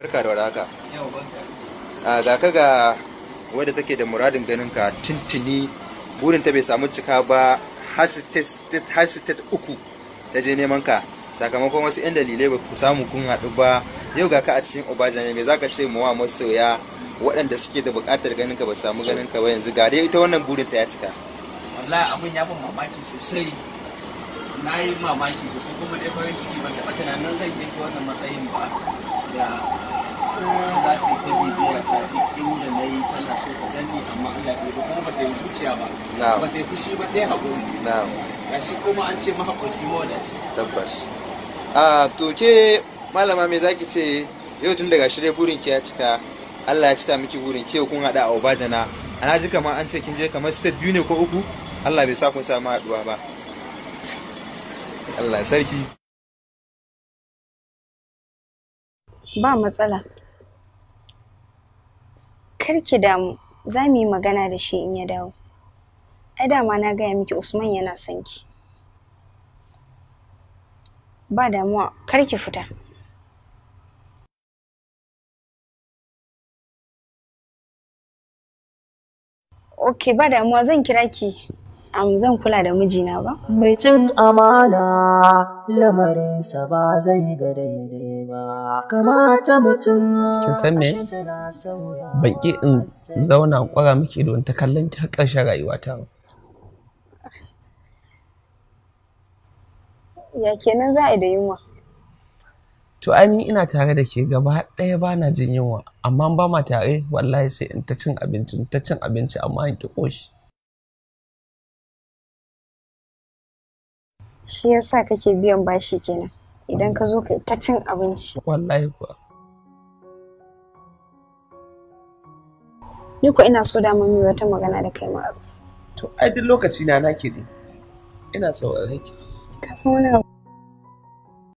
barka da warhaka a ga ka ga wadda take da muradin ganin ka tuntuni burin ta bai samu cika ba har state uku ta je neman ka sakamakon wasu yan dalilai ba ku samu kun haɗu ba yau ga ka a cikin obaja ne me za ka ce mawa masoya waɗanda suke da buƙatar ganin ka ba samu ganin ka ba yanzu ga dai ita wannan burin ta ya cika wallahi abin ya ban mamaki sosai na yi mamaki sosai kuma dai farin ciki ban taɓa tunanin zan yi wannan matsayin ba da eh, za ta ta bibiya ta duk inda na yi tana so ta danne amma Allah bai kuma ba ta yi zuciya ba ba ta yi fushi ba ta yi haƙuri gashi kuma an ce mahaƙurci mawadaci tabbas a toke malama me zaki ce yau tun daga shirye burin ki ya cika Allah ya cika miki burin ki kun hada a Obajana ana ji kama an ce kin je kamar state biyu ne ko uku Allah bai sa kun samu haduwa ba Allah sarki Ba matsala. Kar ki damu, za mu yi magana da shi in ya dawo. Ai dama na gaya miki Usman yana son ki. Ba damuwa, kar ki fita. Ok, ba damuwa zan kira ki am zan kula da mijina ba. Mai cin amana lamarinsa ba zai ga daidai ba. Kamata mutum. Kin san me? Ban ki in zauna kwara miki don ta kallon ki har ƙarshen rayuwata ta. Ya kenan za a da yunwa. To ni ina tare da ke gaba ɗaya ba na jin yunwa, amma ba ma tare wallahi sai in ta cin abinci, ta cin abinci amma in ki ƙoshi. shi yasa kake biyan bashi kenan idan ka zo kai ta cin abinci wallahi kuwa ni ko ina so da mu wata magana da kai ma'aruf to ai duk lokaci na nake ne ina sauraron ki ka san wani